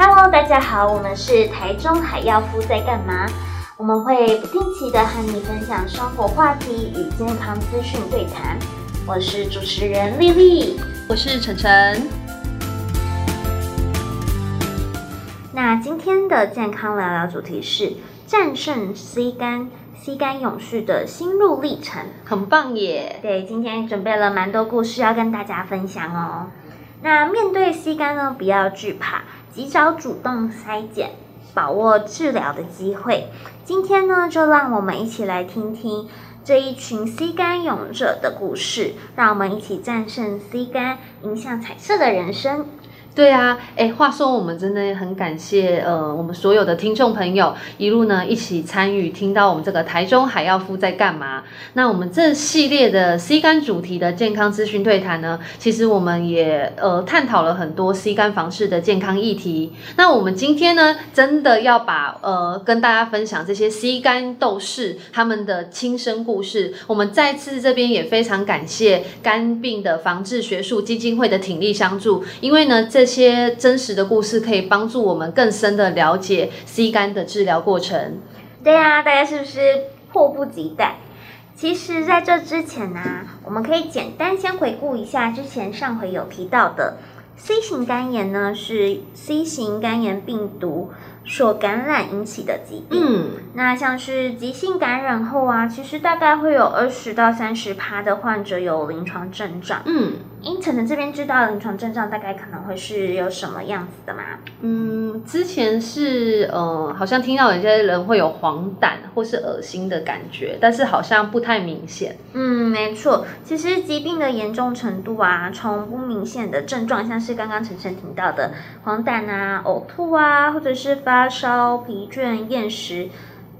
Hello，大家好，我們是台中海藥夫在幹嘛？我們會不定期的和你分享生活話題與健康資訊對談。我是主持人麗麗，我是晨晨。那今天的健康聊聊主題是戰勝 C 肝，C 肝勇士的心路歷程，很棒耶！對，今天準備了蠻多故事要跟大家分享哦。那面對 C 肝呢，不要懼怕。及早主動篩檢，把握治療的機會。今天呢，就讓我們一起來聽聽這一群 C 肝勇者的故事，讓我們一起戰勝 C 肝，迎向彩色的人生。對啊，哎、欸，話說我們真的很感謝，呃，我們所有的聽眾朋友一路呢一起參與，聽到我們這個台中海藥夫在幹嘛？那我們這系列的 C 肝主題的健康資訊對談呢，其實我們也呃探討了很多 C 肝防治的健康議題。那我們今天呢，真的要把呃跟大家分享這些 C 肝鬥士他們的親身故事。我們再次這邊也非常感謝肝病的防治學術基金會的鼎力相助，因為呢這。這些真實的故事可以幫助我們更深的了解 C 肝的治療過程。對呀，大家是不是迫不及待？其實，在這之前呢，我們可以簡單先回顧一下之前上回有提到的 C 型肝炎呢，是 C 型肝炎病毒。所感染引起的疾病。嗯，那像是急性感染後啊，其實大概會有二十到三十趴的患者有臨床症狀。嗯，因晨晨這邊知道臨床症狀大概可能會是有什麼樣子的嗎？嗯，之前是呃，好像聽到有些人會有黃疸或是惡心的感覺，但是好像不太明顯。嗯，沒錯，其實疾病的嚴重程度啊，從不明顯的症狀，像是剛剛晨晨提到的黃疸啊、嘔吐啊，或者是發。發燒、疲倦、厭食、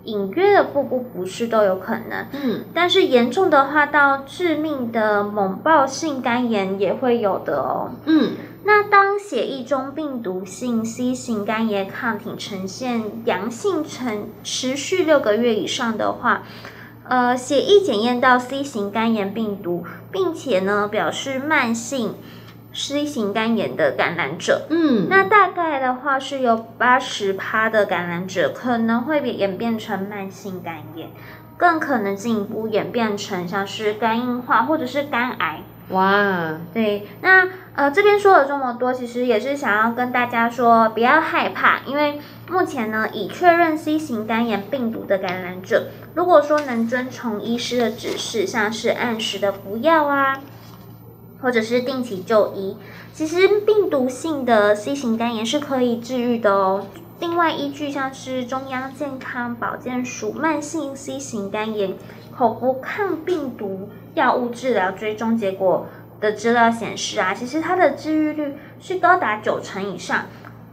隱約的腹部不適都有可能，嗯。但是嚴重的話，到致命的猛爆性肝炎也會有的哦，嗯。那當血液中病毒性 C 型肝炎抗體呈現陽性，呈持續六個月以上的話，呃，血液檢驗到 C 型肝炎病毒，並且呢表示慢性，C 型肝炎的感染者，嗯，那大概的話是有八十趴的感染者可能會演變成慢性肝炎，更可能進一步演變成像是肝硬化或者是肝癌。哇，對，那呃這邊說了這麼多，其實也是想要跟大家說不要害怕，因為目前呢，已確認 C 型肝炎病毒的感染者，如果說能遵從醫師的指示，像是按時的服藥啊。或者是定期就醫，其實病毒性的 C 型肝炎是可以治癒的哦。另外依據像是中央健康保健署慢性 C 型肝炎口服抗病毒藥物治療追蹤結果的資料顯示啊，其實它的治癒率是高達九成以上。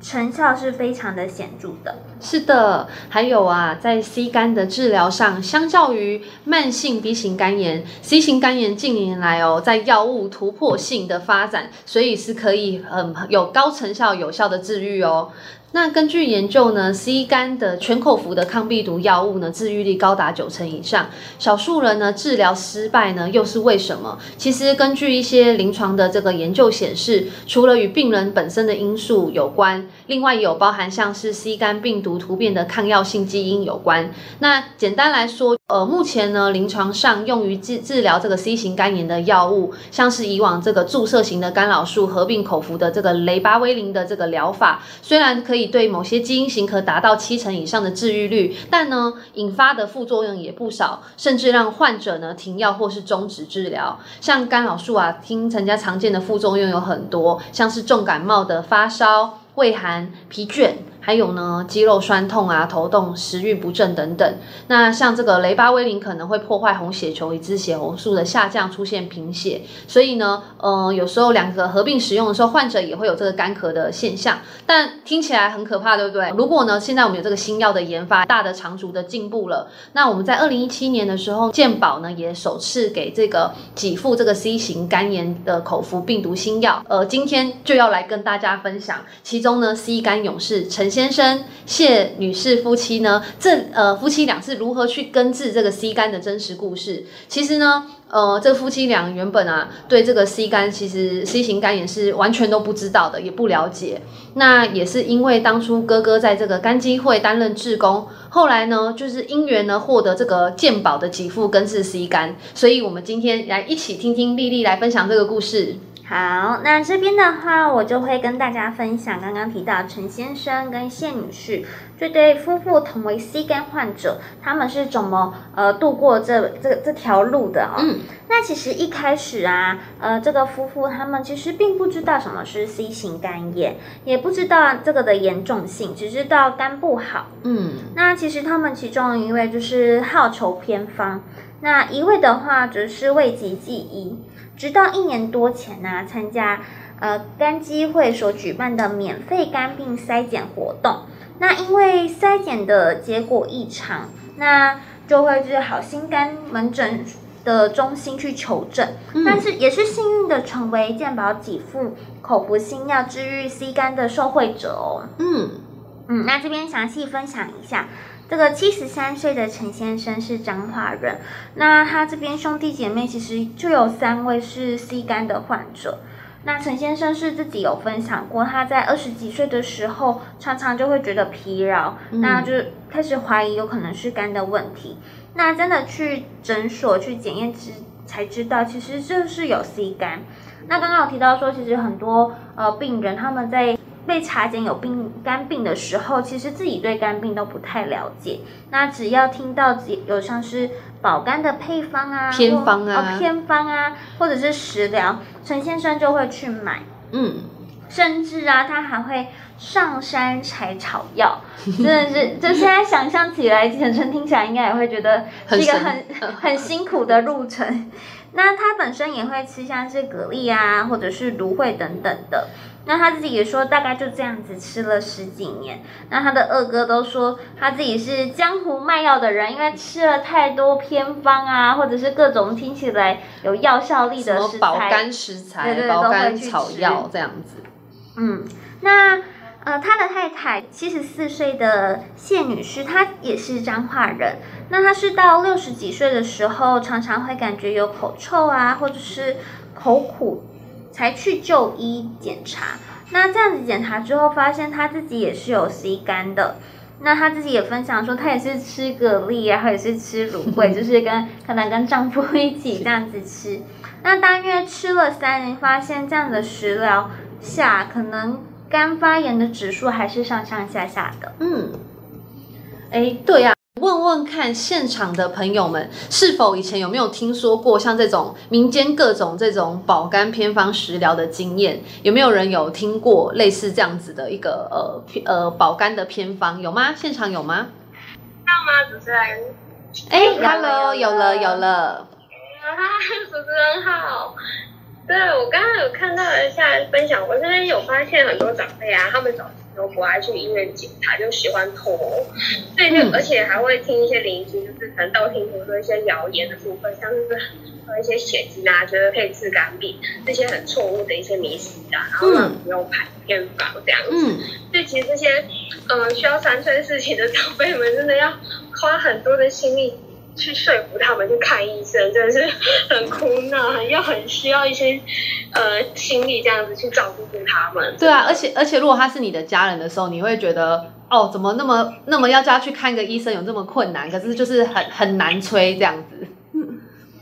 成效是非常的顯著的，是的，還有啊，在 C 肝的治療上，相較於慢性 B 型肝炎，C 型肝炎近年來哦，在藥物突破性的發展，所以是可以很、嗯、有高成效、有效的治癒哦。那根據研究呢，C 肝的全口服的抗病毒藥物呢，治癒率高達九成以上。少數人呢治療失敗呢，又是為什麼？其實根據一些臨床的這個研究顯示，除了與病人本身的因素有關，另外也有包含像是 C 肝病毒突變的抗藥性基因有關。那簡單來說，呃，目前呢，臨床上用於治治療這個 C 型肝炎的藥物，像是以往這個注射型的干擾素合併口服的這個雷巴威林的這個療法，雖然可以。對某些基因型可達到七成以上的治癒率，但呢，引發的副作用也不少，甚至讓患者呢停藥或是終止治療。像干擾素啊，聽成家常見的副作用有很多，像是重感冒的發燒、畏寒、疲倦。還有呢，肌肉痠痛啊，頭痛、食欲不振等等。那像這個雷巴威林可能會破壞紅血球，以致血紅素的下降，出現貧血。所以呢，呃，有時候兩個合併使用的時候，患者也會有這個乾咳的現象。但聽起來很可怕，對不對？如果呢，現在我們有這個新藥的研發，大的長足的進步了。那我們在二零一七年的時候，健保呢也首次給這個給付這個 C 型肝炎的口服病毒新藥。呃，今天就要來跟大家分享，其中呢，C 肝勇士呈。先生謝女士夫妻呢，這呃夫妻倆是如何去根治這個 C 肝的真實故事？其實呢，呃，這夫妻倆原本啊，對這個 C 肝，其實 C 型肝也是完全都不知道的，也不了解。那也是因為當初哥哥在這個肝基會擔任志工，後來呢，就是因緣呢，獲得這個健保的給付根治 C 肝。所以我們今天來一起聽聽莉莉來分享這個故事。好，那這邊的話，我就會跟大家分享剛剛提到陳先生跟謝女士這對夫婦，同為 C 肝患者，他們是怎麼呃度過這這這條路的、哦、嗯，那其實一開始啊，呃，這個夫婦他們其實並不知道什麼是 C 型肝炎，也不知道這個的嚴重性，只知道肝不好。嗯，那其實他們其中一位就是好求偏方，那一位的話則是諱疾忌醫。直到一年多前呢、啊，參加呃肝基金會所舉辦的免費肝病篩檢活動，那因為篩檢的結果異常，那就會去好心肝門診的中心去求診、嗯，但是也是幸運的成為健保給付口服新藥治愈 c 肝的受惠者哦。嗯嗯，那這邊詳細分享一下。這個七十三歲的陳先生是彰化人，那他這邊兄弟姐妹其實就有三位是 C 肝的患者。那陳先生是自己有分享過，他在二十幾歲的時候常常就會覺得疲勞，嗯，那就開始懷疑有可能是肝的問題。那真的去診所去檢驗之才知道，其實就是有 C 肝。那剛剛有提到說，其實很多呃病人他們在。被查檢有病肝病的時候，其實自己對肝病都不太了解。那只要聽到有像是保肝的配方啊、偏方啊、哦、偏方啊，或者是食療，陳先生就會去買。嗯，甚至啊，他還會上山採草藥，真的是就現在想象起來，陳 先生聽起來應該也會覺得是一個很很， 很辛苦的路程。那他本身也會吃像是蛤蜊啊，或者是蘆薈等等的。那他自己也說，大概就這樣子吃了十幾年。那他的二哥都說，他自己是江湖賣藥的人，因為吃了太多偏方啊，或者是各種聽起來有藥效力的食材。什麼保肝食材、保肝草藥這樣子。嗯，那呃，他的太太七十四歲的謝女士，她也是彰化人。那她是到六十幾歲的時候，常常會感覺有口臭啊，或者是口苦，才去就醫檢查，那這樣子檢查之後，發現他自己也是有 C 肝的。那他自己也分享說，他也是吃蛤蜊，然後也是吃蘆薈， 就是跟可能跟丈夫一起這樣子吃。那大約吃了三年，發現這樣的食療下，可能肝發炎的指數還是上上下下的。嗯，哎、欸，對呀、啊。問問看現場的朋友們，是否以前有沒有聽說過像這種民間各種這種保肝偏方食療的經驗？有沒有人有聽過類似這樣子的一個呃呃保肝的偏方？有嗎？現場有嗎？有嗎？主持人？哎，欸，Hello，有了，有了，有了有了。主持人好，對我剛剛有看到一下分享，我這邊有發現很多長輩啊，他們找。都不愛去醫院檢查，就喜歡偷、哦。對，就、嗯、而且還會聽一些鄰居，就是可能道聽途說一些謠言的部分，像是喝一些血跡啊，覺、就、得、是、可以治肝病，這、嗯、些很錯誤的一些迷信啊，然後不用排便房這樣子。嗯，對、嗯，其實這些嗯、呃、需要三催四請的長輩們，真的要花很多的心力。去說服他們去看醫生，真的是很苦惱，很要很需要一些呃心力這樣子去照顧住他們。對啊，而且而且如果他是你的家人的時候，你會覺得哦，怎麼那麼那麼要叫他去看個醫生有這麼困難？可是就是很很難催這樣子。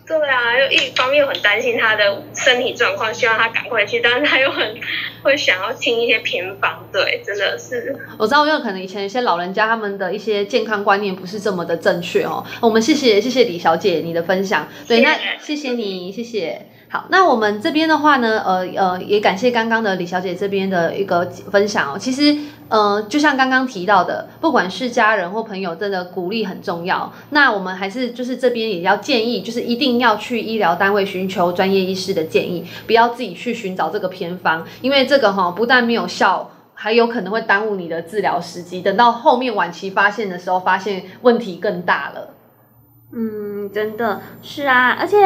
對啊，又一方面又很擔心他的身體狀況，希望他趕快去，但是他又很會想要聽一些偏方，對，真的是。我知道，因為可能以前一些老人家他們的一些健康觀念不是這麼的正確哦。哦，我們謝謝謝謝李小姐你的分享，對，謝謝，那謝謝你，謝謝。好，那我們這邊的話呢，呃、呃，也感謝剛剛的李小姐這邊的一個分享哦。其實，呃，就像剛剛提到的，不管是家人或朋友，真的鼓勵很重要。那我們還是就是這邊也要建議，就是一定要去醫療單位尋求專業醫師的建議，不要自己去尋找這個偏方，因為這個哈不但沒有效，還有可能會耽誤你的治療時機。等到後面晚期發現的時候，發現問題更大了。嗯，真的是啊，而且。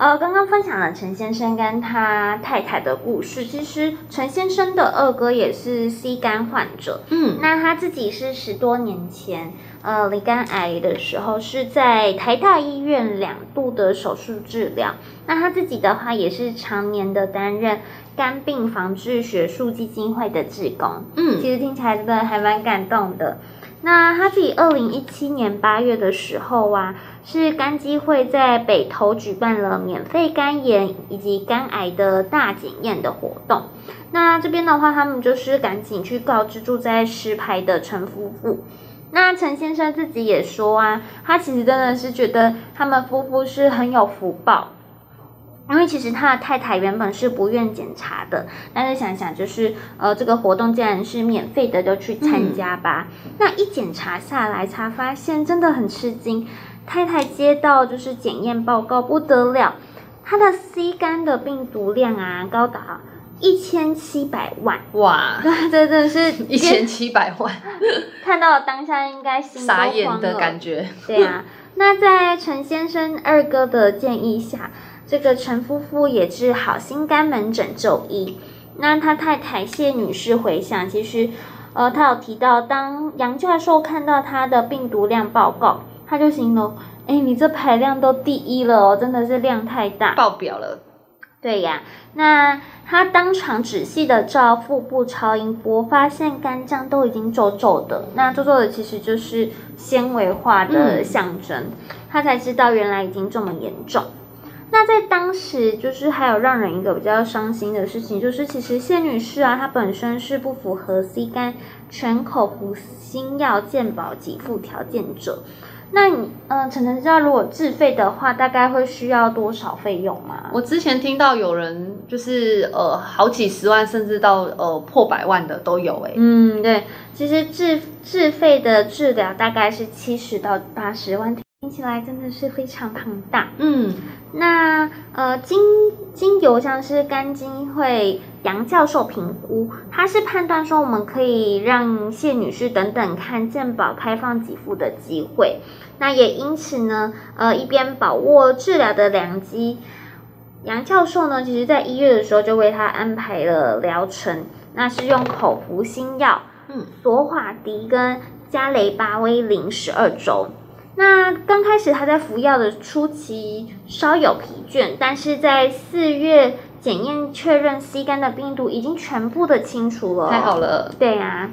呃，剛剛分享了陳先生跟他太太的故事。其實陳先生的二哥也是 C 肝患者，嗯，那他自己是十多年前，呃，罹肝癌的時候是在台大醫院兩度的手術治療。那他自己的話也是常年的擔任肝病防治學術基金會的志工，嗯，其實聽起來真的還蠻感動的。那他自己二零一七年八月的時候啊，是肝基會在北投舉辦了免費肝炎、以及肝癌的大檢驗的活動。那這邊的話，他們就是趕緊去告知住在石牌的陳夫婦。那陳先生自己也說啊，他其實真的是覺得他們夫婦是很有福報。因為其實他的太太原本是不願檢查的，但是想想就是呃，這個活動既然是免費的，就去參加吧。嗯、那一檢查下來，查發現真的很吃驚。太太接到就是檢驗報告，不得了，他的 C 肝的病毒量啊，高達一千七百萬！哇，這 真的是一千七百萬！ 看到當下應該心傻眼的感覺。 對啊，那在陳先生二哥的建議下。這個陳夫婦也是好心肝門診就醫，那他太太謝女士回想，其實，呃，他有提到，當楊教授看到他的病毒量報告，他就形容，哎、欸，你這排量都第一了哦，真的是量太大，爆表了。對呀、啊，那他當場仔細的照腹部超音波，發現肝臟都已經皺皺的，那皺皺的其實就是纖維化的象徵，嗯、他才知道原來已經這麼嚴重。那在當時，就是還有讓人一個比較傷心的事情，就是其實謝女士啊，她本身是不符合 C 肝全口服新藥健保給付條件者。那你，嗯、呃，晨晨知道如果自費的話，大概會需要多少費用嗎？我之前聽到有人就是呃，好幾十萬，甚至到呃破百萬的都有、欸。誒嗯，對，其實自自費的治療大概是七十到八十萬。聽起來真的是非常龐大。嗯，那呃，經經由像是肝基會楊教授評估，他是判斷說我們可以讓謝女士等等看健保開放給付的機會。那也因此呢，呃，一邊把握治療的良機，楊教授呢，其實在一月的時候就為他安排了療程，那是用口服新藥，嗯，索華迪跟加雷巴威林十二周。那剛開始他在服藥的初期稍有疲倦，但是在四月檢驗確認 C 肝的病毒已經全部的清除了哦。太好了。對啊，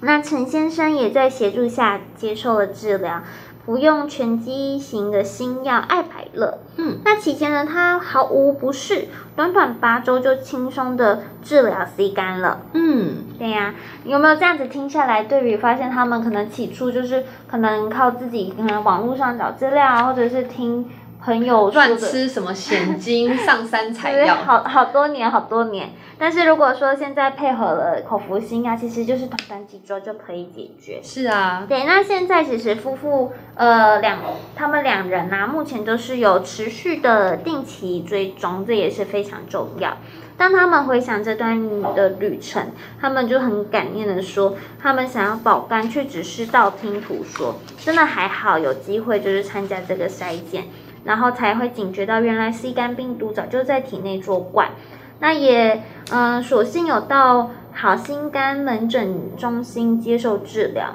那陳先生也在協助下接受了治療，服用全基因型的新藥艾百樂。嗯，那期間呢，他毫無不適，短短八周就輕鬆的治療 C 肝了。嗯。對呀，你，有沒有這樣子聽下來對比，發現他們可能起初就是可能靠自己，可能，網絡上找資料啊，或者是聽。很有亂吃什麼，險金，上山採藥， 好好多年好多年。但是如果說現在配合了口服心啊，其實就是短短幾週就可以解決。是啊，對。那現在其實夫婦呃兩他們兩人啊，目前都是有持續的定期追蹤，這也是非常重要。當他們回想這段的旅程，他們就很感念的說，他們想要保肝，卻只是道聽途說，真的還好有機會就是參加這個篩檢。然後才會警覺到，原來 C 肝病毒早就在體內作怪。那也，嗯，所幸有到好心肝門診中心接受治療。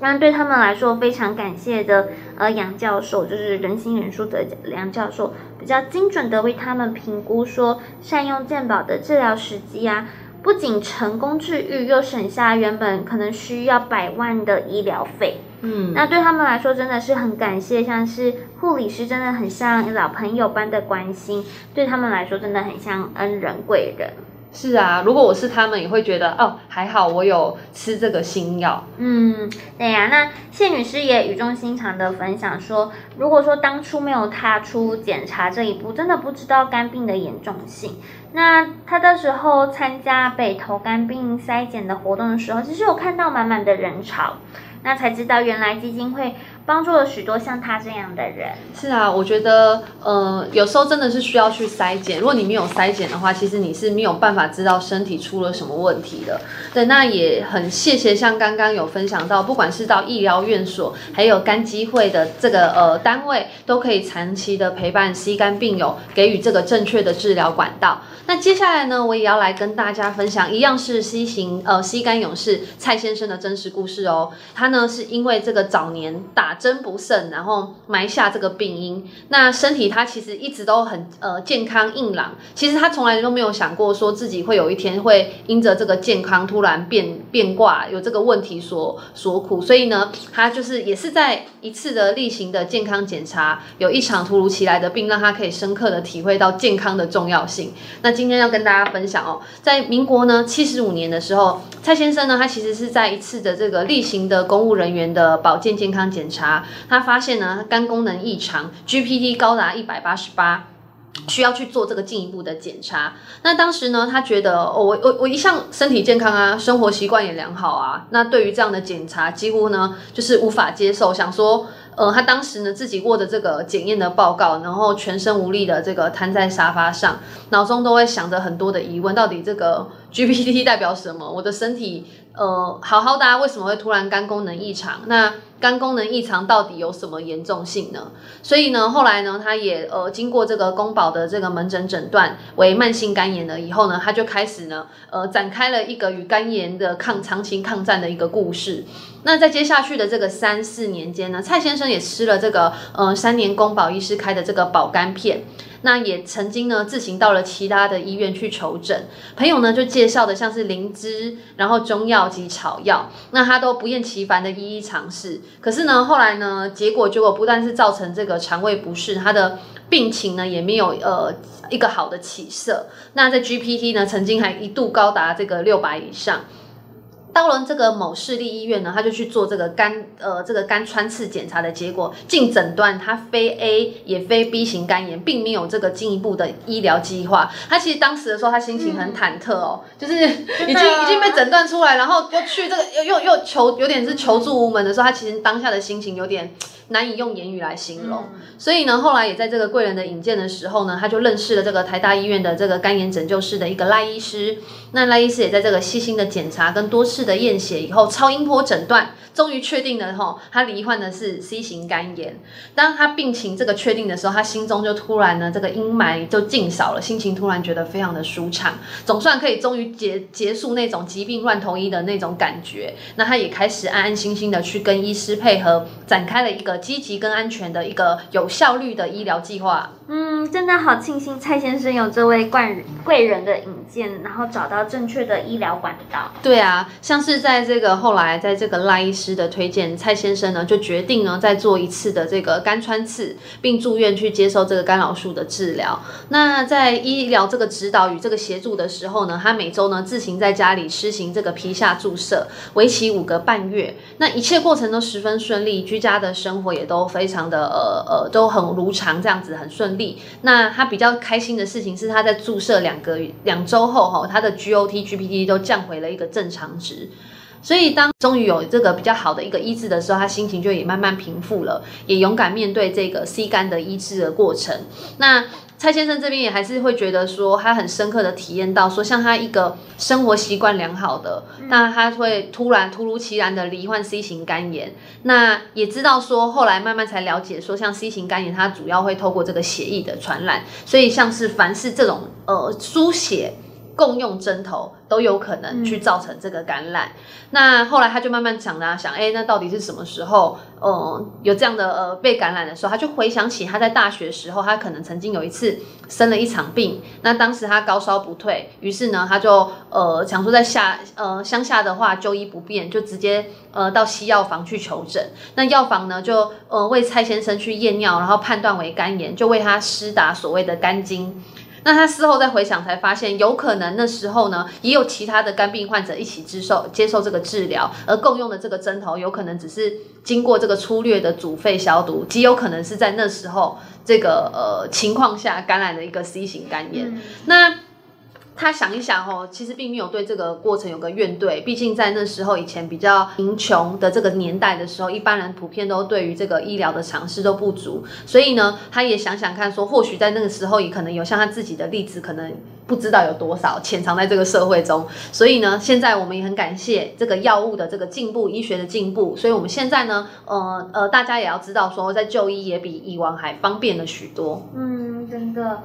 那對他們來說非常感謝的，呃，楊教授就是仁心仁術的楊教授，比較精準的為他們評估說，善用健保的治療時機啊，不僅成功治癒，又省下原本可能需要百萬的醫療費。嗯，那對他們來說真的是很感謝，像是護理師真的很像老朋友般的關心，對他們來說真的很像恩人貴人。是啊，如果我是他們，也會覺得哦，還好我有吃這個新藥。嗯，對呀，啊。那謝女士也語重心長的分享說，如果說當初沒有踏出檢查這一步，真的不知道肝病的嚴重性。那她到時候參加北投肝病篩檢的活動的時候，其實有看到滿滿的人潮。那才知道，原來基金會，幫助了許多像他這樣的人。是啊，我覺得，呃，有時候真的是需要去篩檢。如果你沒有篩檢的話，其實你是沒有辦法知道身體出了什麼問題的。對，那也很謝謝，像剛剛有分享到，不管是到醫療院所，還有肝機會肝基會的這個呃單位，都可以長期的陪伴 C 肝病友，給予這個正確的治療管道。那接下來呢，我也要來跟大家分享一樣是 C 型呃 C 肝勇士蔡先生的真實故事哦。他呢是因為這個早年打。真不慎，然後埋下這個病因。那身體他其實一直都很呃健康硬朗，其實他從來都沒有想過說自己會有一天會因着這個健康突然變變卦，有這個問題所所苦。所以呢，他就是也是在一次的例行的健康檢查，有一場突如其來的病，讓他可以深刻的體會到健康的重要性。那今天要跟大家分享哦，在民國呢七十五年的時候，蔡先生呢，他其實是在一次的這個例行的公務人員的保健健康檢查。他發現呢，肝功能異常，GPT 高達一百八十八，需要去做這個進一步的檢查。那當時呢，他覺得，哦、我我我一向身體健康啊，生活習慣也良好啊。那對於這樣的檢查，幾乎呢就是無法接受。想說，呃，他當時呢自己握着這個檢驗的報告，然後全身無力的這個癱在沙發上，腦中都會想着很多的疑問：到底這個 GPT 代表什麼？我的身體呃，好好的啊，為什麼會突然肝功能異常？那肝功能異常到底有什麼嚴重性呢？所以呢，後來呢，他也呃經過這個公保的這個門診診斷為慢性肝炎了以後呢，他就開始呢呃展開了一個與肝炎的抗長期抗戰的一個故事。那在接下去的這個三四年間呢，蔡先生也吃了這個，呃，三年公保醫師開的這個保肝片，那也曾經呢自行到了其他的醫院去求診，朋友呢就介紹的像是靈芝，然後中藥及草藥，那他都不厭其煩的一一嘗試，可是呢後來呢結果結果不但是造成這個腸胃不適，他的病情呢也沒有呃一個好的起色，那在 GPT 呢曾經還一度高達這個六百以上。到了這個某市立醫院呢，他就去做這個肝呃這個肝穿刺檢查的結果，經診斷他非 A 也非 B 型肝炎，並沒有這個進一步的醫療計劃。他其實當時的時候，他心情很忐忑哦，嗯、就是已經已經被診斷出來，然後又去這個又又又求有點是求助無門的時候，他其實當下的心情有點，難以用言語來形容、嗯，所以呢，後來也在這個貴人的引薦的時候呢，他就認識了這個台大醫院的這個肝炎拯救室的一個賴醫師。那賴醫師也在這個細心的檢查跟多次的驗血以後，超音波診斷，終於確定了齁，他罹患的是 C 型肝炎。當他病情這個確定的時候，他心中就突然呢，這個陰霾就盡掃了，心情突然覺得非常的舒暢，總算可以終於結結束那種疾病亂投醫的那種感覺。那他也開始安安心心的去跟醫師配合，展開了一個。積極跟安全的一個有效率的醫療計劃。嗯，真的好慶幸蔡先生有這位貴貴人的引薦，然後找到正確的醫療管道。對啊，像是在這個後來，在這個賴醫師的推薦，蔡先生呢就決定呢再做一次的這個肝穿刺，並住院去接受這個干擾素的治療。那在醫療這個指導與這個協助的時候呢，他每周呢自行在家裡施行這個皮下注射，為期五個半月。那一切過程都十分順利，居家的生活也都非常的呃呃都很如常，這樣子很順利。那他比較開心的事情是，他在注射兩個兩周後，哦，吼他的 GOT、GPT 都降回了一個正常值。所以當終於有這個比較好的一個醫治的時候，他心情就也慢慢平復了，也勇敢面對這個 C 肝的醫治的過程。那。蔡先生這邊也還是會覺得說，他很深刻的體驗到說，像他一個生活習慣良好的，那他會突然突如其然的罹患 C 型肝炎，那也知道說後來慢慢才了解說，像 C 型肝炎它主要會透過這個血液的傳染，所以像是凡是這種呃輸血。書共用針頭都有可能去造成這個感染。嗯、那後來他就慢慢想啦、啊，想哎、欸，那到底是什麼時候，嗯、呃，有這樣的呃被感染的時候，他就回想起他在大學時候，他可能曾經有一次生了一場病。那當時他高燒不退，於是呢，他就呃想說在下呃鄉下的話就醫不便，就直接呃到西藥房去求診。那藥房呢，就呃為蔡先生去驗尿，然後判斷為肝炎，就為他施打所謂的肝精那他事後再回想，才發現有可能那時候呢，也有其他的肝病患者一起接受接受這個治療，而共用的這個針頭有可能只是經過這個粗略的煮沸消毒，極有可能是在那時候這個呃情況下感染了一個 C 型肝炎。嗯。那他想一想哦，其實並沒有對這個過程有個怨懟。畢竟在那時候以前比較貧窮的這個年代的時候，一般人普遍都對於這個醫療的常識都不足。所以呢，他也想想看說，或許在那個時候也可能有像他自己的例子，可能不知道有多少潛藏在這個社會中。所以呢，現在我們也很感謝這個藥物的這個進步，醫學的進步。所以我們現在呢，呃呃，大家也要知道說，在就醫也比以往還方便了許多。嗯，真的。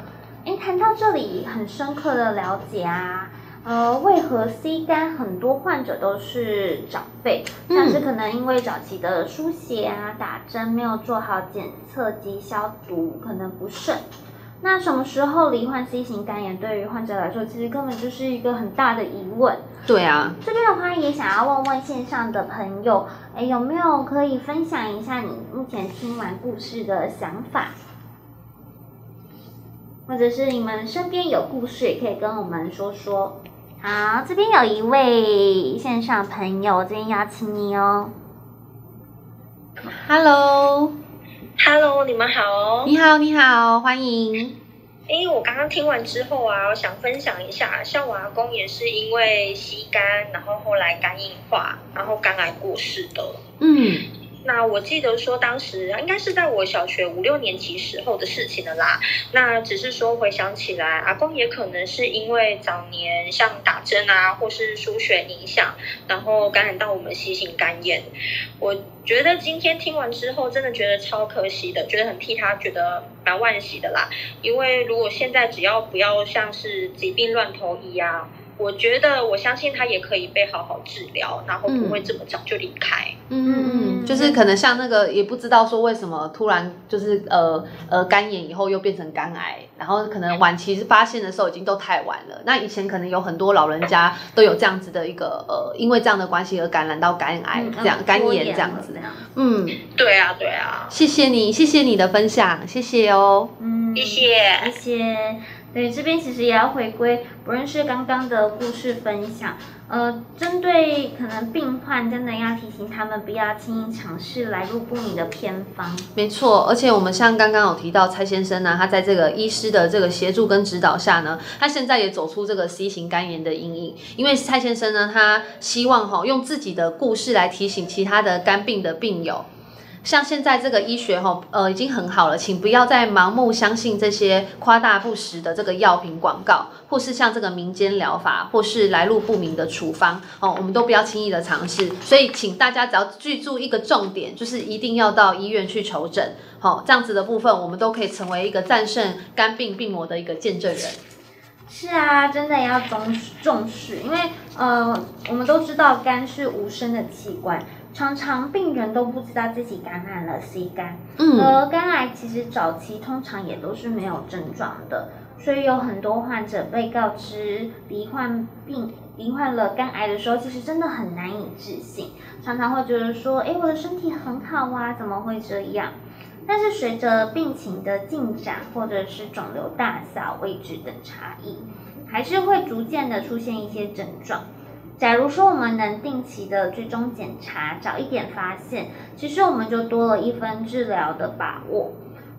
哎，談到這裡，很深刻的了解啊，呃，為何 C 肝很多患者都是長輩？但、嗯、是可能因為早期的輸血啊、打針沒有做好檢測及消毒，可能不慎。那什麼時候罹患 C 型肝炎，對於患者來說，其實根本就是一個很大的疑問。對啊，這邊的話也想要問問線上的朋友，哎，有沒有可以分享一下你目前聽完故事的想法？或者是你們身邊有故事，也可以跟我們說說。好，這邊有一位線上朋友，我這邊邀請你哦。Hello，Hello，Hello, 你們好。你好，你好，歡迎。誒，我剛剛聽完之後啊，我想分享一下，像我阿公也是因為 C 肝，然後後來肝硬化，然後肝癌過世的。嗯。那我記得說，當時應該是在我小學五六年級時候的事情了啦。那只是說回想起來，阿公也可能是因為早年像打針啊，或是輸血影響，然後感染到我們 C 型肝炎。我覺得今天聽完之後，真的覺得超可惜的，覺得很替他覺得蠻惋惜的啦。因為如果現在只要不要像是疾病亂投醫啊。我覺得，我相信他也可以被好好治療，然後不會這麼早就離開。嗯，嗯，嗯，就是可能像那個、嗯，也不知道說為什麼突然就是呃呃肝炎以後又變成肝癌，然後可能晚期是發現的時候已經都太晚了，嗯。那以前可能有很多老人家都有這樣子的一個呃，因為這樣的關係而感染到肝癌，嗯、這樣、嗯、肝炎這樣子那樣。嗯，對啊對啊，謝謝你，謝謝你的分享，謝謝哦。嗯，謝謝，謝謝。對，這邊其實也要回歸，不論是剛剛的故事分享，呃，針對可能病患，真的要提醒他們不要輕易嘗試來路不明的偏方。沒錯，而且我們像剛剛有提到蔡先生呢，他在這個醫師的這個協助跟指導下呢，他現在也走出這個 C 型肝炎的陰影。因為蔡先生呢，他希望、哦、用自己的故事來提醒其他的肝病的病友。像現在這個醫學哈，呃，已經很好了，請不要再盲目相信這些誇大不實的這個藥品廣告，或是像這個民間療法，或是來路不明的處方哦，我們都不要輕易的嘗試。所以，請大家只要記住一個重點，就是一定要到醫院去求診，好、哦，這樣子的部分，我們都可以成為一個戰勝肝病病魔的一個見證人。是啊，真的要重重視，因為呃，我們都知道肝是無聲的器官。常常病人都不知道自己感染了 C 肝，嗯，而肝癌其實早期通常也都是沒有症狀的，所以有很多患者被告知罹患病罹患了肝癌的時候，其實真的很難以置信，常常會覺得說，哎，我的身體很好啊，怎麼會這樣？但是隨着病情的進展，或者是腫瘤大小、位置等差異，還是會逐漸的出現一些症狀。假如說我們能定期的追蹤檢查，早一點發現，其實我們就多了一分治療的把握。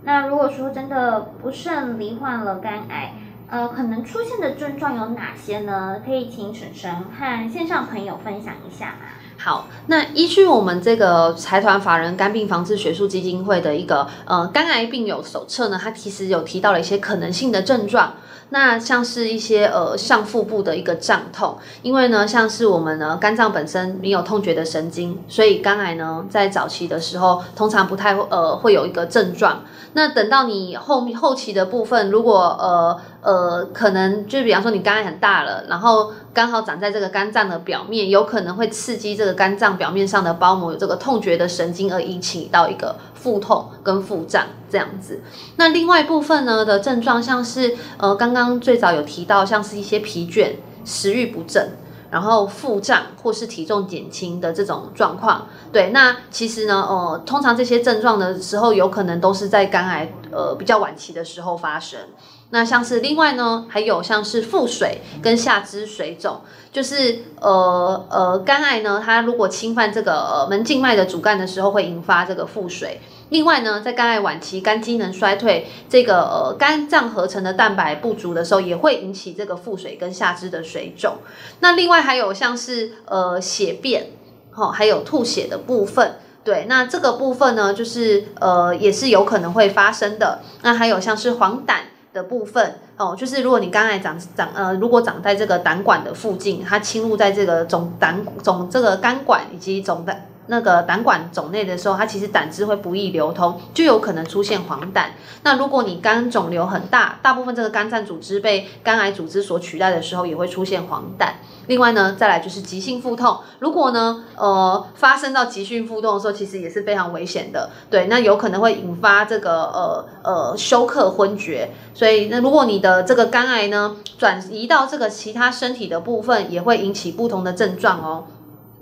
那如果說真的不慎罹患了肝癌，呃，可能出現的症狀有哪些呢？可以請嬸嬸和線上朋友分享一下嗎？好，那依據我們這個財團法人肝病防治學術基金會的一個呃肝癌病友手冊呢，它其實有提到了一些可能性的症狀。那像是一些呃上腹部的一個脹痛，因為呢，像是我們呢肝臟本身沒有痛覺的神經，所以肝癌呢在早期的時候通常不太呃會有一個症狀。那等到你後後期的部分，如果呃呃可能就比方說你肝癌很大了，然後剛好長在這個肝臟的表面，有可能會刺激這個肝臟表面上的包膜，有這個痛覺的神經而引起到一個腹痛跟腹脹這樣子，那另外一部分呢的症狀像是，呃，剛剛最早有提到，像是一些疲倦、食慾不振，然後腹脹或是體重減輕的這種狀況。對，那其實呢，呃，通常這些症狀的時候，有可能都是在肝癌，呃，比較晚期的時候發生。那像是另外呢，還有像是腹水跟下肢水腫，就是呃呃肝癌呢，它如果侵犯這個、呃、門靜脈的主幹的時候，會引發這個腹水。另外呢，在肝癌晚期肝機能衰退，這個、呃、肝臟合成的蛋白不足的時候，也會引起這個腹水跟下肢的水腫。那另外還有像是呃血便，吼，還有吐血的部分，對，那這個部分呢，就是呃也是有可能會發生的。那還有像是黃疸。的部分哦，就是如果你肝癌長長呃，如果長在這個膽管的附近，它侵入在這個總膽總這個肝管以及總的那個膽管總內的時候，它其實膽汁會不易流通，就有可能出現黃疸。那如果你肝腫瘤很大，大部分這個肝臟組織被肝癌組織所取代的時候，也會出現黃疸。另外呢，再來就是急性腹痛。如果呢，呃，發生到急性腹痛的時候，其實也是非常危險的。對，那有可能會引發這個呃呃休克、昏厥。所以，那如果你的這個肝癌呢，轉移到這個其他身體的部分，也會引起不同的症狀哦。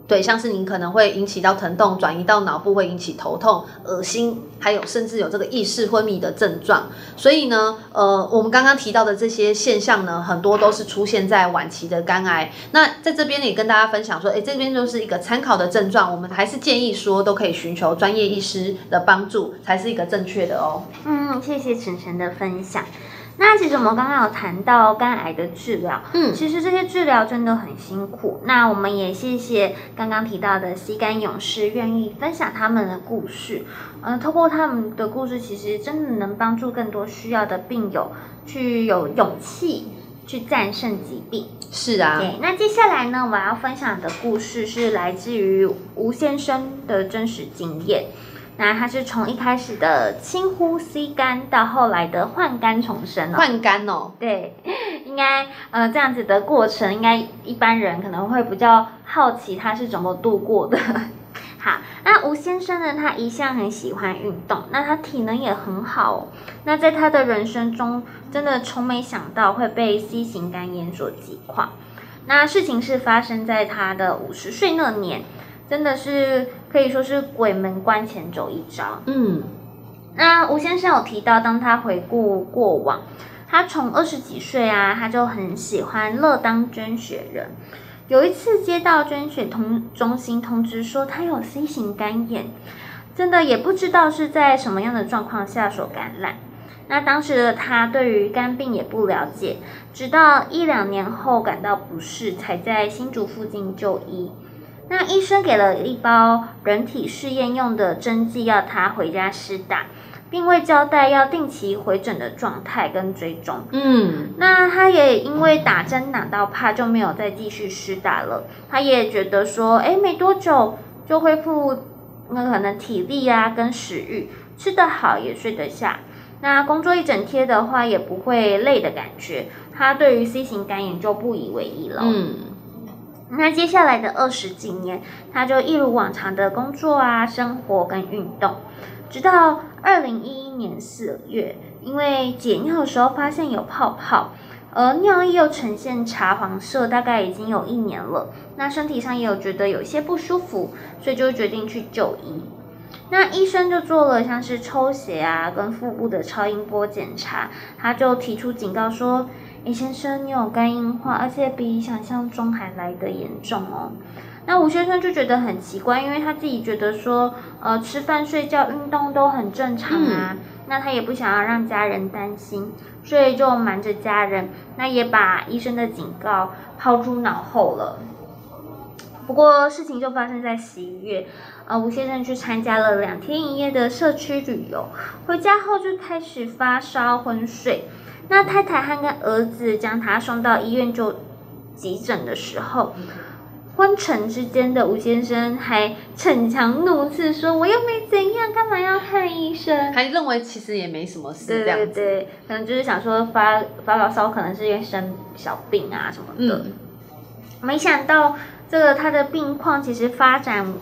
對，像是您可能會引起到疼痛，轉移到腦部會引起頭痛、噁心，還有甚至有這個意識昏迷的症狀。所以呢，呃，我們剛剛提到的這些現象呢，很多都是出現在晚期的肝癌。那在這邊也跟大家分享說，誒，這邊就是一個參考的症狀，我們還是建議說都可以尋求專業醫師的幫助，才是一個正確的哦。嗯，謝謝晨晨的分享。那其實我們剛剛有談到肝癌的治療，嗯，其實這些治療真的很辛苦。那我們也謝謝剛剛提到的 C 肝勇士，願意分享他們的故事。嗯、呃，透過他們的故事，其實真的能幫助更多需要的病友去有勇氣去戰勝疾病。是啊。對、okay，那接下來呢，我要分享的故事是來自於吳先生的真實經驗。那他是從一開始的輕忽 C 肝，到後來的換肝重生哦，換肝哦，對，應該呃這樣子的過程，應該一般人可能會比較好奇他是怎麼度過的？ 好，那吳先生呢，他一向很喜歡運動，那他體能也很好哦，那在他的人生中，真的從沒想到會被 C 型肝炎所擊垮。那事情是發生在他的五十歲那年。真的是可以說是鬼門關前走一遭。嗯，那吳先生有提到，當他回顧過往，他從二十幾歲啊，他就很喜歡樂當捐血人。有一次接到捐血通中心通知說他有 C 型肝炎，真的也不知道是在什麼樣的狀況下所感染。那當時的他對於肝病也不了解，直到一兩年後感到不適，才在新竹附近就醫。那醫生給了一包人體試驗用的針劑，要他回家施打，並未交代要定期回診的狀態跟追蹤。嗯，那他也因為打針打到怕，就沒有再繼續施打了。他也覺得說，哎、欸，沒多久就恢復，那可能體力啊跟食慾，吃得好也睡得下。那工作一整天的話，也不會累的感覺。他對於 C 型肝炎就不以為意了。嗯。那接下來的二十幾年，他就一如往常的工作啊、生活跟運動，直到二零一一年四月，因為解尿的時候發現有泡泡，而尿液又呈現茶黃色，大概已經有一年了。那身體上也有覺得有些不舒服，所以就決定去就醫。那醫生就做了像是抽血啊，跟腹部的超音波檢查，他就提出警告說，李先生，你有肝硬化，而且比你想象中還來得嚴重哦！那吳先生就覺得很奇怪，因為他自己覺得說，呃，吃飯、睡覺、運動都很正常啊。嗯、那他也不想要讓家人擔心，所以就瞞着家人，那也把醫生的警告拋諸腦後了。不過事情就發生在十一月，呃，吳先生去參加了兩天一夜的社區旅遊，回家後就開始發燒、昏睡。那太太和跟兒子將他送到醫院就急診的時候，昏沉之間的吳先生還逞強怒斥說：“我又沒怎樣，幹嘛要看醫生？還認為其實也沒什麼事這樣子。對對對，可能就是想說發發發燒，可能是因為生小病啊什麼的。嗯”沒想到這個他的病況其實發展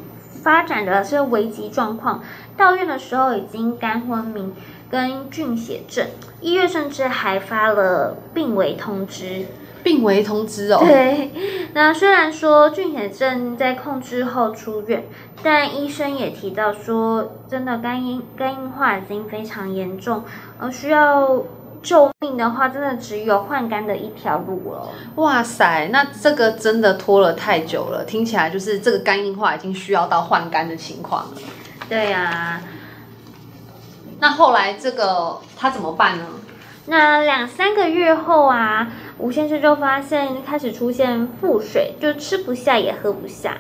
發展的是危急狀況，到院的時候已經肝昏迷。跟菌血症，醫院甚至還發了病危通知，病危通知哦。對，那雖然說菌血症在控制後出院，但醫生也提到說，真的肝硬肝硬化，已經非常嚴重，而需要救命的話，真的只有換肝的一條路了。哦。哇塞，那這個真的拖了太久了，聽起來就是這個肝硬化已經需要到換肝的情況了。對呀。啊。那後來這個他怎麼辦呢？那兩三個月後啊，吳先生就發現開始出現腹水，就吃不下也喝不下。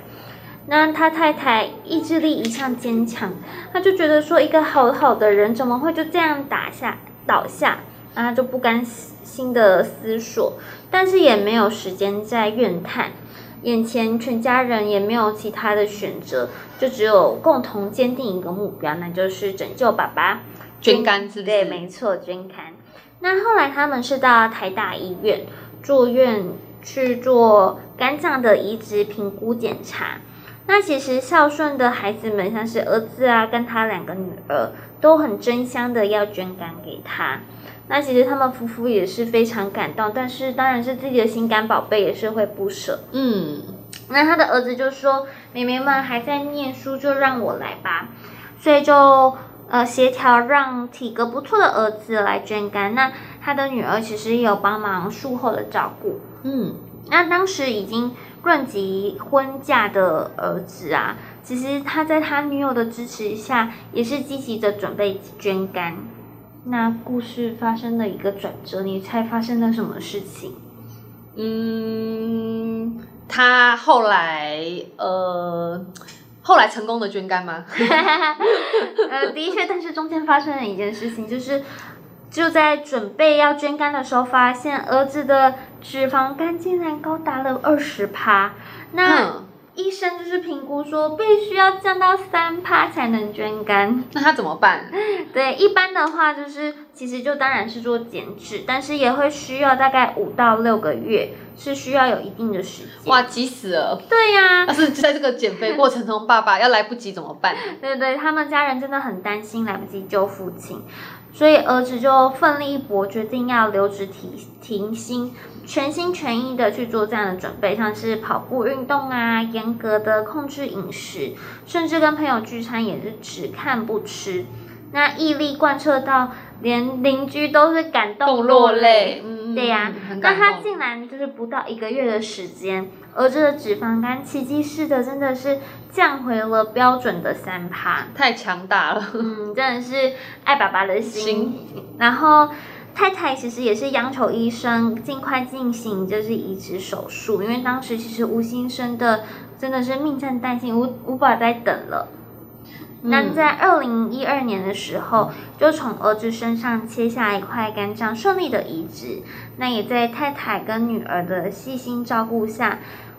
那他太太意志力一向堅強，他就覺得說一個好好的人怎麼會就這樣打下，倒下，他就不甘心的思索，但是也沒有時間再怨嘆。眼前全家人也沒有其他的選擇，就只有共同堅定一個目標，那就是拯救爸爸，捐肝之類。對，沒錯，捐肝。那後來他們是到台大醫院住院去做肝臟的移植評估檢查。那其實孝順的孩子們，像是兒子啊，跟他兩個女兒，都很爭相的要捐肝給他。那其實他們夫婦也是非常感動，但是當然是自己的心肝寶貝也是會不舍。嗯，那他的兒子就說：“妹妹們還在念書，就讓我來吧。”所以就呃協調讓體格不錯的兒子來捐肝。那他的女兒其實也有幫忙術後的照顧。嗯。那當時已經論及婚嫁的兒子啊，其實他在他女友的支持下，也是積極的準備捐肝。那故事發生了一個轉折，你猜發生了什麼事情？嗯，他後來，呃，後來成功的捐肝嗎？ 呃，的確，但是中間發生了一件事情，就是。就在準備要捐肝的時候，發現兒子的脂肪肝竟然高達了二十趴。那、嗯、醫生就是評估說，必須要降到三趴才能捐肝。那他怎麼辦？對，一般的話就是，其實就當然是做減脂，但是也會需要大概五到六個月，是需要有一定的時間。哇，急死了！對呀，但是在這個減肥過程中，爸爸要來不及怎麼辦？ 對對,對，他們家人真的很擔心，來不及救父親。所以兒子就奮力一搏，決定要留職停停薪，全心全意的去做這樣的準備，像是跑步運動啊，嚴格的控制飲食，甚至跟朋友聚餐也是只看不吃。那毅力貫徹到連鄰居都是感動落淚，對呀，啊。那，嗯，他竟然就是不到一個月的時間。而這個脂肪肝奇蹟似的，真的是降回了標準的三趴，太強大了！嗯，真的是愛爸爸的心。心然後太太其實也是央求醫生儘快進行就是移植手術，因為當時其實吳先生的真的是命在旦夕，無無法再等了。嗯，那在二零一二年的時候，就從兒子身上切下一塊肝臟，順利的移植。那也在太太跟女兒的細心照顧下，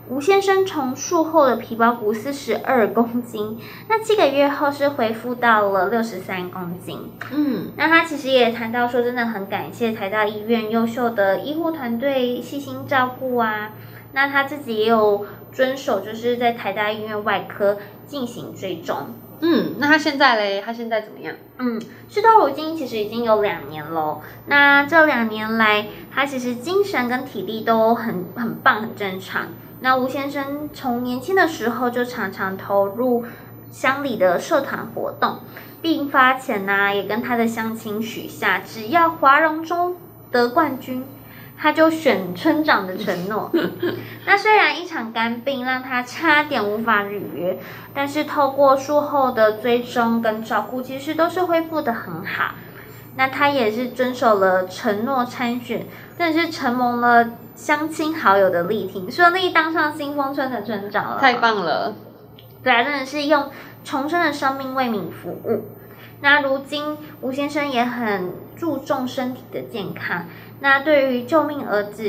吳先生從術後的皮包骨四十二公斤，那七個月後是恢復到了六十三公斤。嗯，那他其實也談到說，真的很感謝台大醫院優秀的醫護團隊細心照顧啊。那他自己也有遵守，就是在台大醫院外科進行追蹤。嗯，那他現在嘞？他現在怎麼樣？嗯，事到如今，其實已經有兩年咯。那這兩年來，他其實精神跟體力都很很棒，很正常。那吳先生從年輕的時候就常常投入鄉里的社團活動，併發前呢、啊，也跟他的鄉親許下，只要華容中得冠軍。他就選村長的承諾。 那雖然一場肝病讓他差點無法履約，但是透過術後的追蹤跟照顧，其實都是恢復得很好。那他也是遵守了承諾參選，更是承蒙了鄉親好友的力挺，順利當上新豐村的村長了。太棒了！對啊，真的是用重生的生命為民服務。那如今吳先生也很注重身體的健康。那對於救命兒子，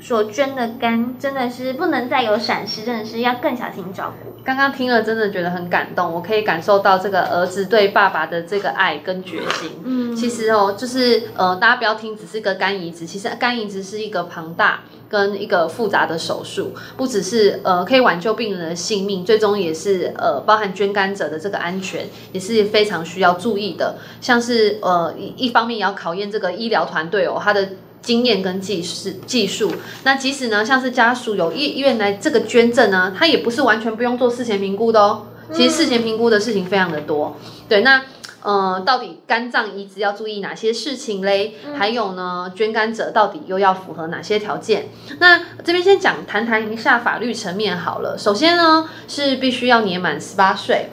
所捐的肝真的是不能再有閃失，真的是要更小心照顧。剛剛聽了，真的覺得很感動。我可以感受到這個兒子對爸爸的這個愛跟決心。嗯，其實哦，就是呃，大家不要聽，只是一個肝移植，其實肝移植是一個龐大跟一個複雜的手術，不只是呃可以挽救病人的性命，最終也是呃包含捐肝者的這個安全也是非常需要注意的。像是呃一方面也要考驗這個醫療團隊哦，他的。經驗跟技術，技術那即使呢，像是家屬有意願來這個捐贈呢，他也不是完全不用做事前評估的哦。其實事前評估的事情非常的多。對，那呃，到底肝臟移植要注意哪些事情嘞？還有呢，捐肝者到底又要符合哪些條件？那這邊先講談談一下法律層面好了。首先呢，是必須要年滿十八歲，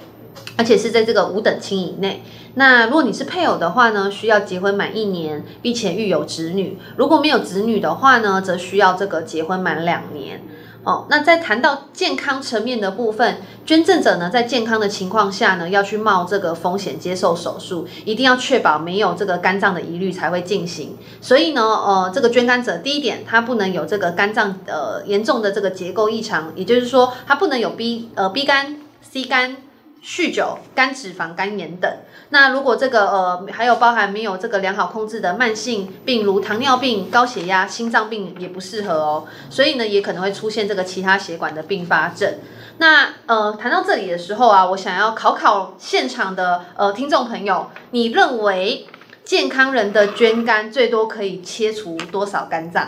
而且是在這個五等親以內。那如果你是配偶的話呢，需要結婚滿一年，並且育有子女。如果沒有子女的話呢，則需要這個結婚滿兩年。哦，那在談到健康層面的部分，捐贈者呢，在健康的情況下呢，要去冒這個風險接受手術，一定要確保沒有這個肝臟的疑慮才會進行。所以呢，呃，這個捐肝者第一點，他不能有這個肝臟呃嚴重的這個結構異常，也就是說，他不能有 B 呃 B 肝、C 肝、酗酒、肝脂肪肝炎等。那如果這個呃還有包含沒有這個良好控制的慢性病，如糖尿病、高血壓、心臟病也不適合哦。所以呢，也可能會出現這個其他血管的併發症。那呃，談到這裡的時候啊，我想要考考現場的呃聽眾朋友，你認為健康人的捐肝最多可以切除多少肝臟？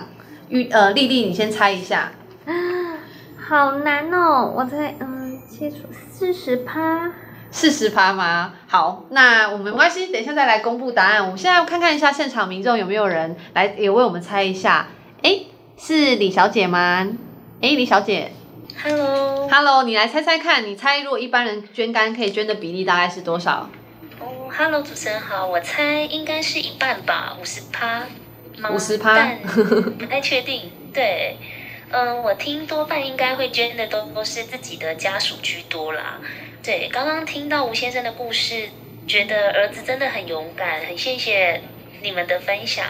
玉呃，麗麗，你先猜一下。啊，好難哦！我猜，嗯、呃，切除四十趴。四十趴嗎？好，那我們沒關係，等一下再來公布答案。我們現在看看一下現場民眾有沒有人來也為我們猜一下。哎、欸，是李小姐嗎？哎、欸，李小姐，Hello，Hello，hello, 你來猜猜看，你猜如果一般人捐肝可以捐的比例大概是多少？哦、oh，Hello，主持人好，我猜應該是一半吧，五十趴五十趴，不太確定。對，嗯，我聽多半應該會捐的都都是自己的家屬居多啦。對，剛剛聽到吳先生的故事，覺得兒子真的很勇敢，很謝謝你們的分享。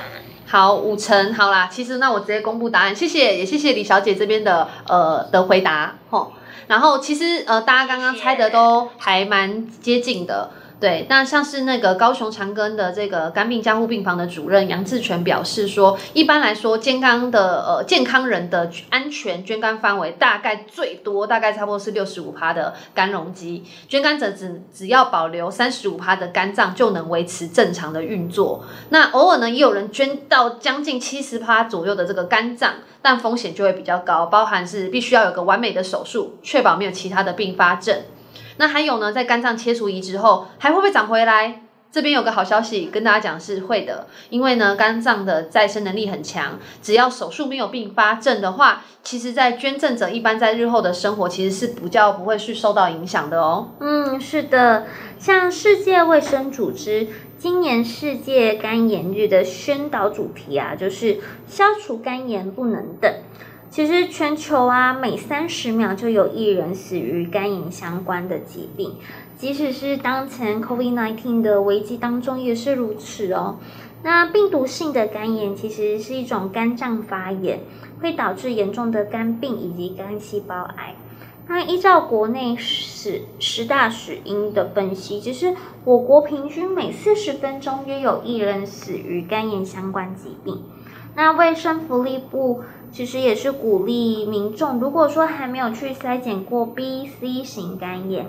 好，五成，好啦，其實那我直接公布答案，謝謝，也謝謝李小姐這邊的呃的回答，吼、哦。然後其實呃，大家剛剛猜的都還蠻接近的。謝謝對，那像是那個高雄長庚的這個肝病加護病房的主任楊志全表示說，一般來說，健康的呃健康人的安全捐肝範，範圍大概最多大概差不多是六十五趴的肝容積，捐肝者只只要保留三十五趴的肝臟就能維持正常的運作。那偶爾呢，也有人捐到將近七十趴左右的這個肝臟，但風險就會比較高，包含是必須要有個完美的手術，確保沒有其他的併發症。那還有呢，在肝臟切除移植後還會不會長回來？這邊有個好消息跟大家講，是會的，因為呢肝臟的再生能力很強，只要手術沒有併發症的話，其實，在捐贈者一般在日後的生活其實是比較不會去受到影響的哦。嗯，是的，像世界衛生組織今年世界肝炎日的宣導主題啊，就是消除肝炎不能等。其實全球啊，每三十秒就有一人死於肝炎相關的疾病，即使是當前 COVID-19 的危機當中也是如此哦。那病毒性的肝炎其實是一種肝臟發炎，會導致嚴重的肝病以及肝細胞癌。那依照國內死十大死因的分析，其實我國平均每四十分鐘約有一人死於肝炎相關疾病。那衛生福利部。其實也是鼓勵民眾，如果說還沒有去篩檢過 B、C 型肝炎，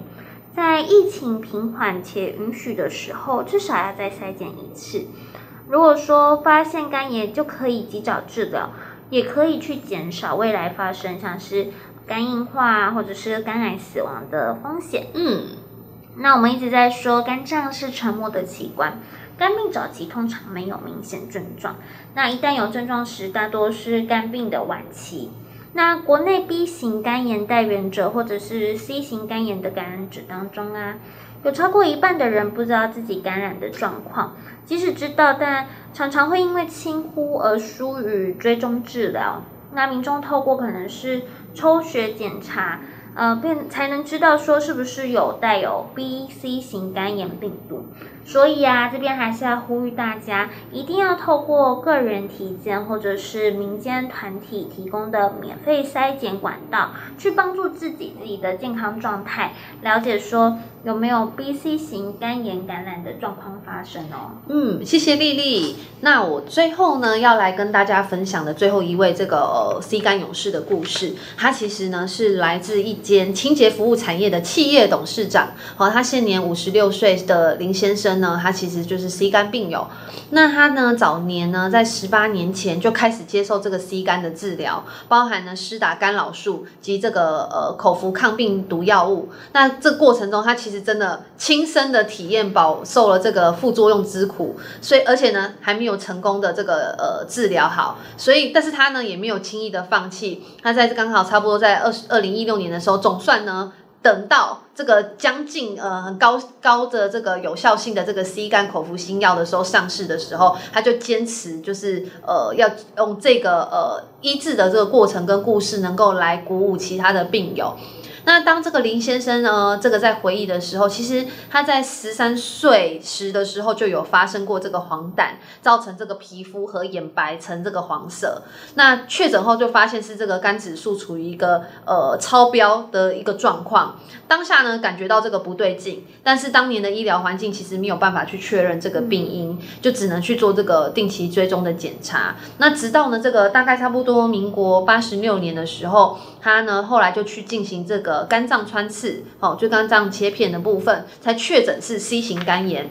在疫情平緩且允許的時候，至少要再篩檢一次。如果說發現肝炎，就可以及早治療，也可以去減少未來發生像是肝硬化或者是肝癌死亡的風險。嗯，那我們一直在說，肝臟是沉默的器官。肝病早期通常沒有明顯症狀，那一旦有症狀時，大多是肝病的晚期。那國內 B 型肝炎帶原者或者是 C 型肝炎的感染者當中啊，有超過一半的人不知道自己感染的狀況，即使知道，但常常會因為輕忽而疏於追蹤治療。那民眾透過可能是抽血檢查。呃，便才能知道說，是不是有帶有 B、C 型肝炎病毒，所以啊，這邊還是要呼籲大家，一定要透過個人體檢或者是民間團體提供的免費篩檢管道，去幫助自己自己的健康狀態，了解說。有沒有 B、C 型肝炎感染的狀況發生哦？嗯，謝謝麗麗。那我最後呢，要來跟大家分享的最後一位這個呃 C 肝勇士的故事，他其實呢是來自一間清潔服務產業的企業董事長，哦，他現年五十六歲的林先生呢，他其實就是 C 肝病友。那他呢早年呢在十八年前就開始接受這個 C 肝的治療，包含呢施打干擾素及這個呃口服抗病毒藥物。那這過程中他其實真的親身的體驗飽受了這個副作用之苦，所以而且呢還沒有成功的這個呃治療好，所以但是他呢也沒有輕易的放棄。他在剛好差不多在二二零一六年的時候，總算呢等到這個將近呃很高高的這個有效性的這個 C 肝口服新藥的時候上市的時候，他就堅持就是呃要用這個呃醫治的這個過程跟故事，能夠來鼓舞其他的病友。那當這個林先生呢，這個在回憶的時候，其實他在十三歲時的時候就有發生過這個黃疸，造成這個皮膚和眼白呈這個黃色。那確診後就發現是這個肝指數處於一個呃超標的一個狀況。當下呢感覺到這個不對勁，但是當年的醫療環境其實沒有辦法去確認這個病因，嗯，就只能去做這個定期追蹤的檢查。那直到呢這個大概差不多民國八十六年的時候，他呢後來就去進行這個。肝臟穿刺，哦，就肝臟切片的部分才確診是 C 型肝炎，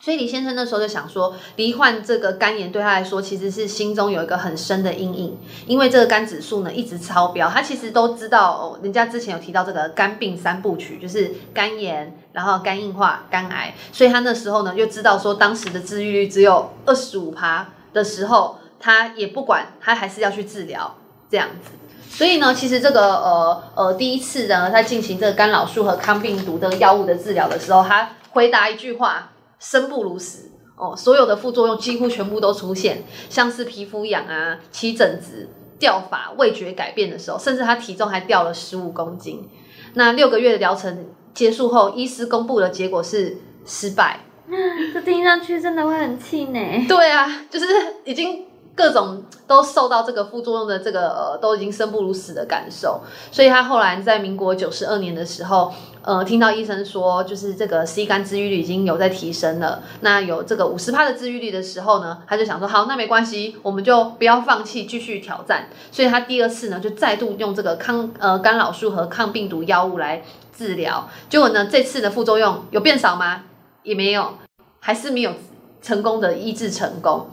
所以李先生那時候就想說，罹患這個肝炎對他來說其實是心中有一個很深的陰影，因為這個肝指數呢一直超標，他其實都知道，哦，人家之前有提到這個肝病三部曲，就是肝炎，然後肝硬化、肝癌，所以他那時候呢就知道說，當時的治癒率只有二十五趴的時候，他也不管，他還是要去治療這樣子。所以呢，其實這個呃呃，第一次呢，在進行這個干擾素和抗病毒的藥物的治療的時候，他回答一句話：生不如死哦，所有的副作用幾乎全部都出現，像是皮膚癢啊、起疹子、掉髮、味覺改變的時候，甚至他體重還掉了十五公斤。那六個月的療程結束後，醫師公布的結果是失敗。 這聽上去真的會很氣餒。對啊，就是已經。各種都受到這個副作用的這個呃，都已經生不如死的感受。所以他後來在民國九十二年的時候，呃，聽到醫生說，就是這個 C 肝治癒率已經有在提升了。那有這個五十趴的治癒率的時候呢，他就想說，好，那沒關係，我們就不要放棄，繼續挑戰。所以他第二次呢，就再度用這個抗呃干擾素和抗病毒藥物來治療。結果呢，這次的副作用有變少嗎？也沒有，還是沒有成功的醫治成功。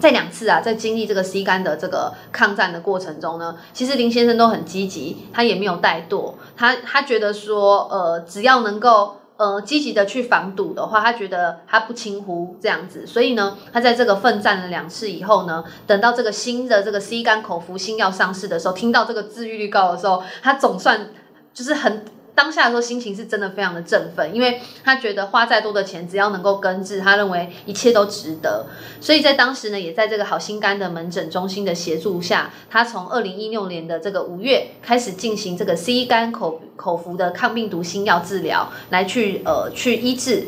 在兩次啊，在經歷這個 C 肝的這個抗戰的過程中呢，其實林先生都很積極，他也沒有怠惰，他他覺得說，呃，只要能夠呃積極的去防堵的話，他覺得他不輕忽這樣子，所以呢，他在這個奮戰了兩次以後呢，等到這個新的這個 C 肝口服新藥上市的時候，聽到這個治癒率高的時候，他總算就是很。當下的時候，心情是真的非常的振奮，因為他覺得花再多的錢，只要能夠根治，他認為一切都值得。所以在當時呢，也在這個好心肝的門診中心的協助下，他從二零一六年的這個五月開始進行這個 C 肝口口服的抗病毒新藥治療，來去呃去醫治。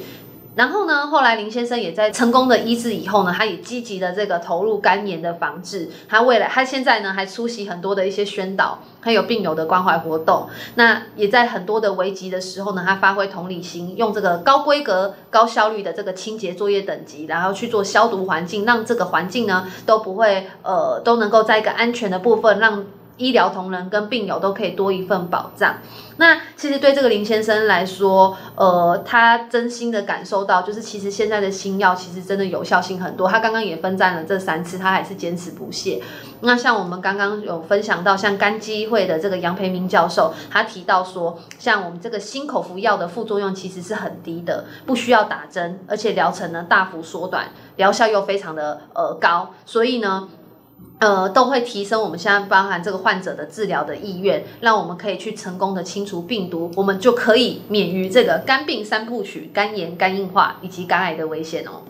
然後呢，後來林先生也在成功的醫治以後呢，他也積極的這個投入肝炎的防治。他未來，他現在呢還出席很多的一些宣導，還有病友的關懷活動。那也在很多的危急的時候呢，他發揮同理心，用這個高規格、高效率的這個清潔作業等級，然後去做消毒環境，讓這個環境呢都不會呃都能夠在一個安全的部分讓。醫療同仁跟病友都可以多一份保障。那其實對這個林先生來說，呃，他真心的感受到，就是其實現在的新藥其實真的有效性很多。他剛剛也奮戰了這三次，他還是堅持不懈。那像我們剛剛有分享到，像肝基金會的這個楊培銘教授，他提到說，像我們這個新口服藥的副作用其實是很低的，不需要打針，而且療程呢大幅縮短，療效又非常的呃高，所以呢。呃，都會提升我們現在包含這個患者的治療的意願，讓我們可以去成功的清除病毒，我們就可以免於這個肝病三部曲——肝炎、肝硬化以及肝癌的危險哦。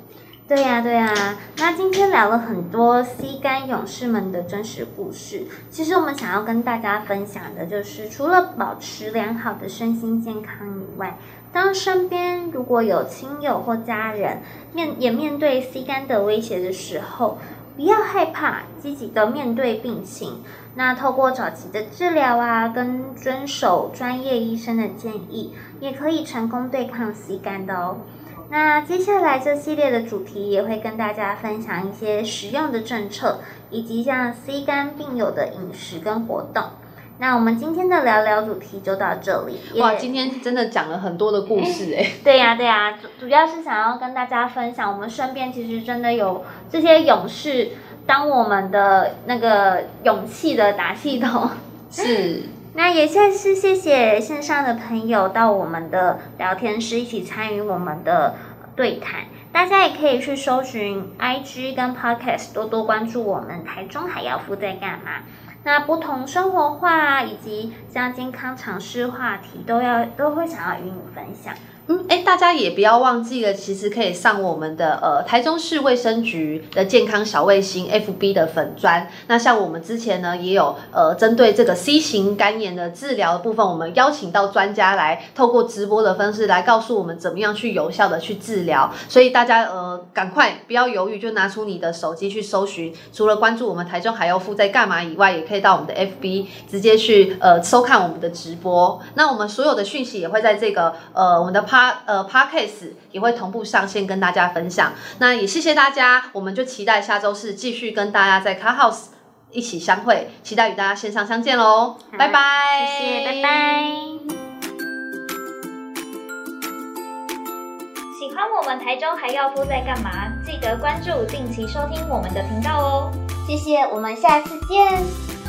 對呀，對呀。那今天聊了很多 C 肝勇士們的真實故事，其實我們想要跟大家分享的就是，除了保持良好的身心健康以外，當身邊如果有親友或家人面也面對 C 肝的威脅的時候，不要害怕，積極的面對病情。那透過早期的治療啊，跟遵守專業醫生的建議，也可以成功對抗 C 肝的哦。那接下來這系列的主題也會跟大家分享一些實用的政策，以及像 C 肝病友的飲食跟活動。那我們今天的聊聊主題就到這裡。Yeah、哇，今天真的講了很多的故事哎、欸欸。對呀、啊、對呀、啊，主主要是想要跟大家分享，我們身邊其實真的有這些勇士，當我們的那個勇氣的打氣筒。是。 那也再次謝謝線上的朋友到我們的聊天室一起參與我們的對談。大家也可以去搜尋 IG 跟 Podcast，多多關注我們台中海妖夫在幹嘛。那不同生活化以及像健康常識話題都要，都會想要與你分享。哎，大家也不要忘記了，其實可以上我們的呃台中市衛生局的健康小衛星 FB 的粉專。那像我們之前呢，也有呃針對這個 C 型肝炎的治療的部分，我們邀請到專家來透過直播的方式來告訴我們怎麼樣去有效的去治療。所以大家呃趕快不要猶豫，就拿出你的手機去搜尋。除了關注我們台中還要附在幹嘛以外，也可以到我們的 FB 直接去呃收看我們的直播。那我們所有的訊息也會在這個呃我們的 Pod。呃 Podcast 也會同步上線跟大家分享。那也謝謝大家，我們就期待下周四繼續跟大家在 Clubhouse 一起相會，期待與大家線上相見嘍！拜拜，謝謝，拜拜。喜歡我們台中還要不在幹嘛？記得關注，定期收聽我們的頻道哦！謝謝，我們下次見。